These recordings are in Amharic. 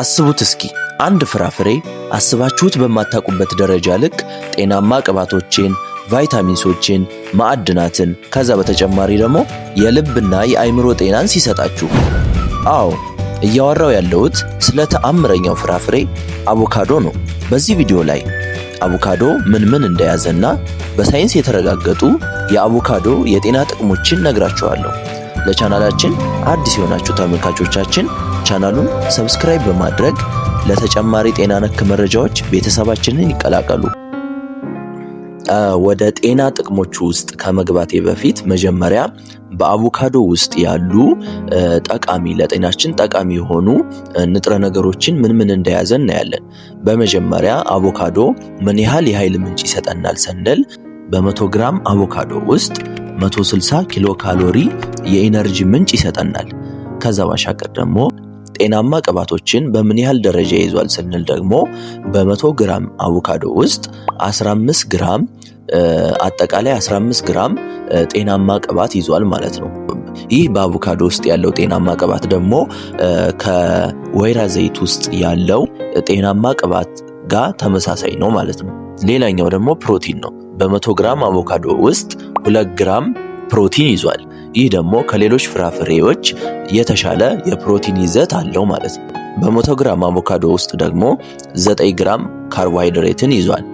አስቡት እስኪ አንድ ፍራፍሬ አስባችሁት በማታውቁበት ደረጃ ልክ ጤናማ ቅባቶችን፣ ቫይታሚንሶችን፣ ማዕድናትን ከዛ በተጨማሪ ደግሞ የልብና የአይምሮ ጤናን ሲሰጣችሁ። አዎ እያወራው ያለሁት ስለ ተአምረኛው ፍራፍሬ አቮካዶ ነው። በዚህ ቪዲዮ ላይ አቮካዶ ምን ምን እንደያዘና በሳይንስ የተረጋገጡ የአቮካዶ የጤና ጥቅሞችን ነግራችኋለሁ። ለቻናላችን አዲስ የሆናችሁ ተመልካቾቻችን ቻናሉን ሰብስክራይብ በማድረግ ለተጨማሪ ጤና ነክ መረጃዎች ቤተሰባችንን ይቀላቀሉ። ወደ ጤና ጥቅሞች ውስጥ ከመግባቴ በፊት መጀመሪያ በአቮካዶ ውስጥ ያሉ ጠቃሚ ለጤናችን ጠቃሚ የሆኑ ንጥረ ነገሮችን ምን ምን እንደያዘ እናያለን። በመጀመሪያ አቮካዶ ምን ያህል የኃይል ምንጭ ይሰጠናል ስንል በመቶ ግራም አቮካዶ ውስጥ 160 ኪሎ ካሎሪ የኢነርጂ ምንጭ ይሰጠናል። ከዛ ባሻገር ደግሞ ጤናማ ቅባቶችን በምን ያህል ደረጃ ይዟል ስንል ደግሞ በ100 ግራም አቮካዶ ውስጥ 15 ግራም አጠቃላይ 15 ግራም ጤናማ ቅባት ይዟል ማለት ነው። ይህ በአቮካዶ ውስጥ ያለው ጤናማ ቅባት ደግሞ ከወይራ ዘይት ውስጥ ያለው ጤናማ ቅባት ጋር ተመሳሳይ ነው ማለት ነው። ሌላኛው ደግሞ ፕሮቲን ነው። በ100 ግራም አቮካዶ ውስጥ 2 ግራም ፕሮቲን ይዟል። ይህ ደግሞ ከሌሎች ፍራፍሬዎች የተሻለ የፕሮቲን ይዘት አለው ማለት ነው። በመቶ ግራም አቮካዶ ውስጥ ደግሞ 9 ግራም ካርቦሃይድሬትን ይዟል።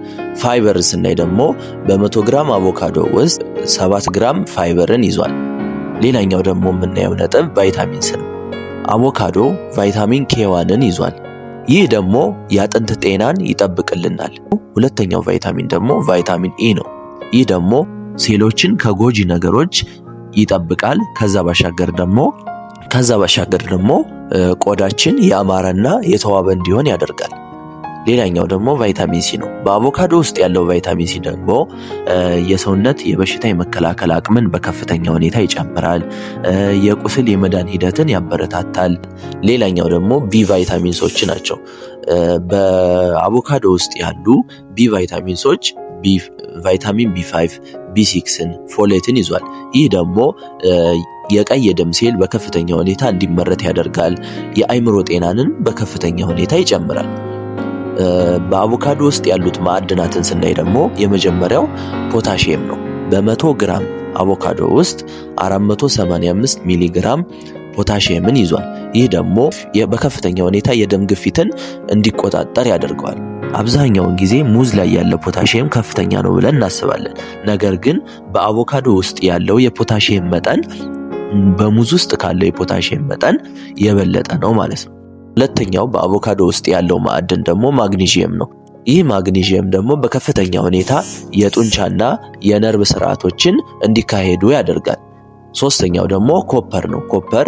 ፋይበር ስናይ ደግሞ በመቶ ግራም አቮካዶ ውስጥ 7 ግራም ፋይበርን ይዟል። ሌላኛው ደግሞ የምናየው ነጥብ ቫይታሚን ስን አቮካዶ ቫይታሚን ኬዋንን ይዟል። ይህ ደግሞ የአጥንት ጤናን ይጠብቅልናል። ሁለተኛው ቫይታሚን ደግሞ ቫይታሚን ኢ ነው። ይህ ደግሞ ሴሎችን ከጎጂ ነገሮች ይጠብቃል። ከዛ ባሻገር ደግሞ ከዛ ባሻገር ደግሞ ቆዳችን ያማረና የተዋበ እንዲሆን ያደርጋል። ሌላኛው ደግሞ ቫይታሚን ሲ ነው። በአቮካዶ ውስጥ ያለው ቫይታሚን ሲ ደግሞ የሰውነት የበሽታ የመከላከል አቅምን በከፍተኛ ሁኔታ ይጨምራል። የቁስል የመዳን ሂደትን ያበረታታል። ሌላኛው ደግሞ ቢ ቫይታሚንሶች ናቸው። በአቮካዶ ውስጥ ያሉ ቢ ቫይታሚንሶች ቫይታሚን ቢ5፣ ቢ6ን፣ ፎሌትን ይዟል። ይህ ደግሞ የቀይ የደም ሴል በከፍተኛ ሁኔታ እንዲመረት ያደርጋል። የአይምሮ ጤናንን በከፍተኛ ሁኔታ ይጨምራል። በአቮካዶ ውስጥ ያሉት ማዕድናትን ስናይ ደግሞ የመጀመሪያው ፖታሽየም ነው። በመቶ ግራም አቮካዶ ውስጥ 485 ሚሊ ግራም ፖታሽየምን ይዟል። ይህ ደግሞ በከፍተኛ ሁኔታ የደም ግፊትን እንዲቆጣጠር ያደርገዋል። አብዛኛውን ጊዜ ሙዝ ላይ ያለ ፖታሽየም ከፍተኛ ነው ብለን እናስባለን። ነገር ግን በአቮካዶ ውስጥ ያለው የፖታሽየም መጠን በሙዝ ውስጥ ካለው የፖታሽየም መጠን የበለጠ ነው ማለት ነው። ሁለተኛው በአቮካዶ ውስጥ ያለው ማዕድን ደግሞ ማግኒዥየም ነው። ይህ ማግኒዥየም ደግሞ በከፍተኛ ሁኔታ የጡንቻና የነርቭ ስርዓቶችን እንዲካሄዱ ያደርጋል። ሶስተኛው ደግሞ ኮፐር ነው። ኮፐር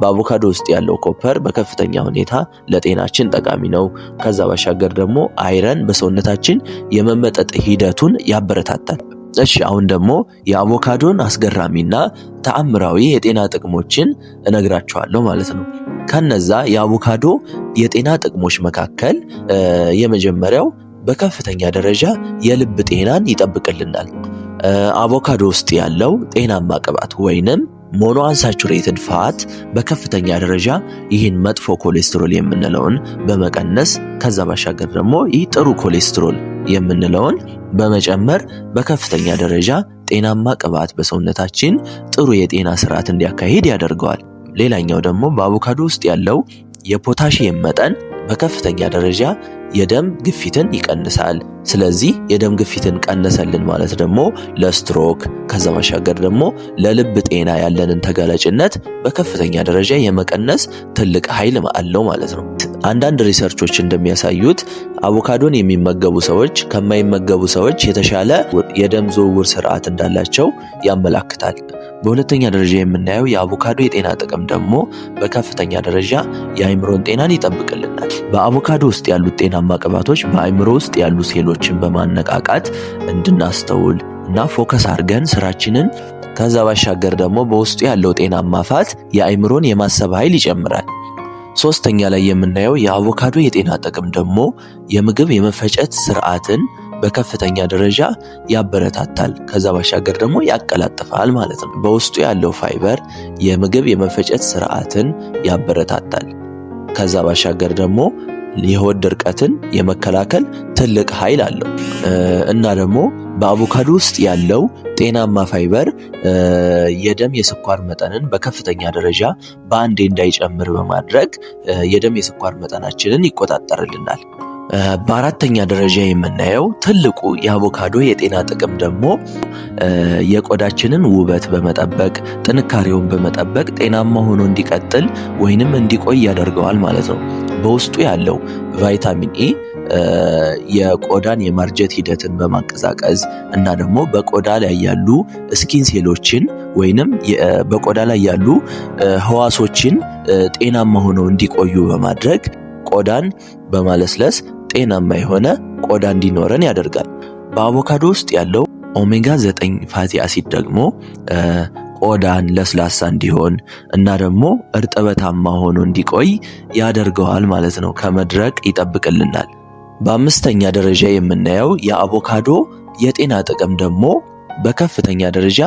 በአቮካዶ ውስጥ ያለው ኮፐር በከፍተኛ ሁኔታ ለጤናችን ጠቃሚ ነው። ከዛ ባሻገር ደግሞ አይረን በሰውነታችን የመመጠጥ ሂደቱን ያበረታታል። እሺ አሁን ደግሞ የአቮካዶን አስገራሚና ተአምራዊ የጤና ጥቅሞችን እነግራችኋለሁ ማለት ነው። ከነዛ የአቮካዶ የጤና ጥቅሞች መካከል የመጀመሪያው በከፍተኛ ደረጃ የልብ ጤናን ይጠብቅልናል። አቮካዶ ውስጥ ያለው ጤናማ ቅባት ወይንም ሞኖ አንሳቹሬትድ ፋት በከፍተኛ ደረጃ ይህን መጥፎ ኮሌስትሮል የምንለውን በመቀነስ ከዛ ባሻገር ደግሞ ይህ ጥሩ ኮሌስትሮል የምንለውን በመጨመር በከፍተኛ ደረጃ ጤናማ ቅባት በሰውነታችን ጥሩ የጤና ስርዓት እንዲያካሂድ ያደርገዋል። ሌላኛው ደግሞ በአቮካዶ ውስጥ ያለው የፖታሺየም መጠን በከፍተኛ ደረጃ የደም ግፊትን ይቀንሳል። ስለዚህ የደም ግፊትን ቀነሰልን ማለት ደግሞ ለስትሮክ ከዛ ባሻገር ደግሞ ለልብ ጤና ያለንን ተጋላጭነት በከፍተኛ ደረጃ የመቀነስ ትልቅ ኃይል አለው ማለት ነው። አንዳንድ ሪሰርቾች እንደሚያሳዩት አቮካዶን የሚመገቡ ሰዎች ከማይመገቡ ሰዎች የተሻለ የደም ዝውውር ስርዓት እንዳላቸው ያመላክታል። በሁለተኛ ደረጃ የምናየው የአቮካዶ የጤና ጥቅም ደግሞ በከፍተኛ ደረጃ የአይምሮን ጤናን ይጠብቅልናል። በአቮካዶ ውስጥ ያሉት ጤና ጤናማ ቅባቶች በአእምሮ ውስጥ ያሉ ሴሎችን በማነቃቃት እንድናስተውል እና ፎከስ አድርገን ስራችንን ከዛ ባሻገር ደግሞ በውስጡ ያለው ጤናማ ፋት የአእምሮን የማሰብ ኃይል ይጨምራል። ሶስተኛ ላይ የምናየው የአቮካዶ የጤና ጥቅም ደግሞ የምግብ የመፈጨት ስርዓትን በከፍተኛ ደረጃ ያበረታታል። ከዛ ባሻገር ደግሞ ያቀላጥፋል ማለት ነው። በውስጡ ያለው ፋይበር የምግብ የመፈጨት ስርዓትን ያበረታታል። ከዛ ባሻገር ደግሞ የሆድ ድርቀትን የመከላከል ትልቅ ኃይል አለው እና ደግሞ በአቮካዶ ውስጥ ያለው ጤናማ ፋይበር የደም የስኳር መጠንን በከፍተኛ ደረጃ በአንዴ እንዳይጨምር በማድረግ የደም የስኳር መጠናችንን ይቆጣጠርልናል። በአራተኛ ደረጃ የምናየው ትልቁ የአቮካዶ የጤና ጥቅም ደግሞ የቆዳችንን ውበት በመጠበቅ ጥንካሬውን በመጠበቅ ጤናማ ሆኖ እንዲቀጥል ወይንም እንዲቆይ ያደርገዋል ማለት ነው። በውስጡ ያለው ቫይታሚን ኤ የቆዳን የማርጀት ሂደትን በማቀዛቀዝ እና ደግሞ በቆዳ ላይ ያሉ ስኪን ሴሎችን ወይንም በቆዳ ላይ ያሉ ህዋሶችን ጤናማ ሆነው እንዲቆዩ በማድረግ ቆዳን በማለስለስ ጤናማ የሆነ ቆዳ እንዲኖረን ያደርጋል። በአቮካዶ ውስጥ ያለው ኦሜጋ 9 ፋቲ አሲድ ደግሞ ቆዳን ለስላሳ እንዲሆን እና ደግሞ እርጥበታማ ሆኖ እንዲቆይ ያደርገዋል ማለት ነው። ከመድረቅ ይጠብቅልናል። በአምስተኛ ደረጃ የምናየው የአቮካዶ የጤና ጥቅም ደግሞ በከፍተኛ ደረጃ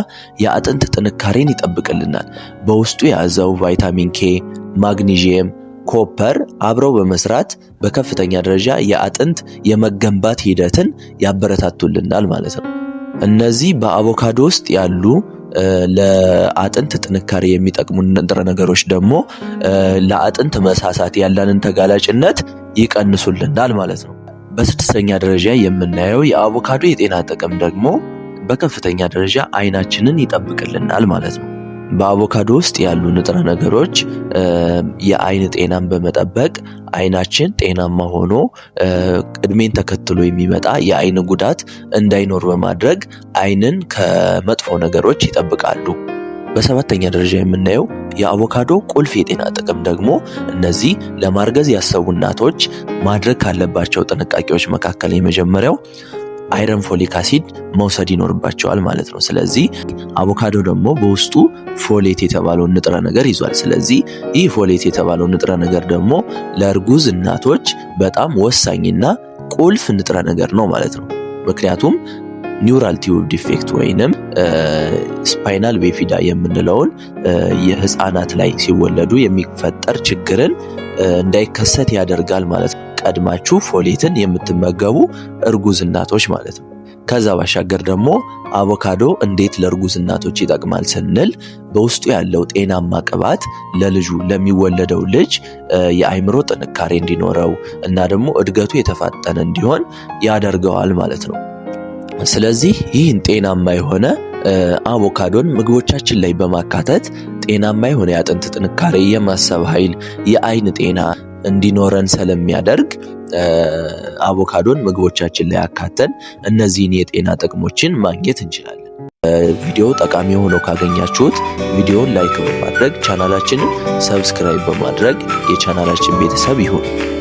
የአጥንት ጥንካሬን ይጠብቅልናል። በውስጡ የያዘው ቫይታሚን ኬ፣ ማግኒዥየም፣ ኮፐር አብረው በመስራት በከፍተኛ ደረጃ የአጥንት የመገንባት ሂደትን ያበረታቱልናል ማለት ነው። እነዚህ በአቮካዶ ውስጥ ያሉ ለአጥንት ጥንካሬ የሚጠቅሙ ንጥረ ነገሮች ደግሞ ለአጥንት መሳሳት ያለንን ተጋላጭነት ይቀንሱልናል ማለት ነው። በስድስተኛ ደረጃ የምናየው የአቮካዶ የጤና ጥቅም ደግሞ በከፍተኛ ደረጃ አይናችንን ይጠብቅልናል ማለት ነው። በአቮካዶ ውስጥ ያሉ ንጥረ ነገሮች የአይን ጤናን በመጠበቅ አይናችን ጤናማ ሆኖ እድሜን ተከትሎ የሚመጣ የአይን ጉዳት እንዳይኖር በማድረግ አይንን ከመጥፎ ነገሮች ይጠብቃሉ። በሰባተኛ ደረጃ የምናየው የአቮካዶ ቁልፍ የጤና ጥቅም ደግሞ እነዚህ ለማርገዝ ያሰቡ እናቶች ማድረግ ካለባቸው ጥንቃቄዎች መካከል የመጀመሪያው አይረን ፎሊክ አሲድ መውሰድ ይኖርባቸዋል ማለት ነው። ስለዚህ አቮካዶ ደግሞ በውስጡ ፎሌት የተባለውን ንጥረ ነገር ይዟል። ስለዚህ ይህ ፎሌት የተባለው ንጥረ ነገር ደግሞ ለእርጉዝ እናቶች በጣም ወሳኝና ቁልፍ ንጥረ ነገር ነው ማለት ነው። ምክንያቱም ኒውራል ቲዩብ ዲፌክት ወይንም ስፓይናል ቤፊዳ የምንለውን የህፃናት ላይ ሲወለዱ የሚፈጠር ችግርን እንዳይከሰት ያደርጋል ማለት ነው። ቀድማችሁ ፎሌትን የምትመገቡ እርጉዝ እናቶች ማለት ነው። ከዛ ባሻገር ደግሞ አቮካዶ እንዴት ለእርጉዝ እናቶች ይጠቅማል ስንል በውስጡ ያለው ጤናማ ቅባት ለልጁ ለሚወለደው ልጅ የአይምሮ ጥንካሬ እንዲኖረው እና ደግሞ እድገቱ የተፋጠነ እንዲሆን ያደርገዋል ማለት ነው። ስለዚህ ይህን ጤናማ የሆነ አቮካዶን ምግቦቻችን ላይ በማካተት ጤናማ የሆነ የአጥንት ጥንካሬ፣ የማሰብ ኃይል፣ የአይን ጤና እንዲኖረን ስለሚያደርግ አቮካዶን ምግቦቻችን ላይ አካተን እነዚህን የጤና ጥቅሞችን ማግኘት እንችላለን። ቪዲዮ ጠቃሚ ሆኖ ካገኛችሁት ቪዲዮን ላይክ በማድረግ ቻናላችንን ሰብስክራይብ በማድረግ የቻናላችን ቤተሰብ ይሁን።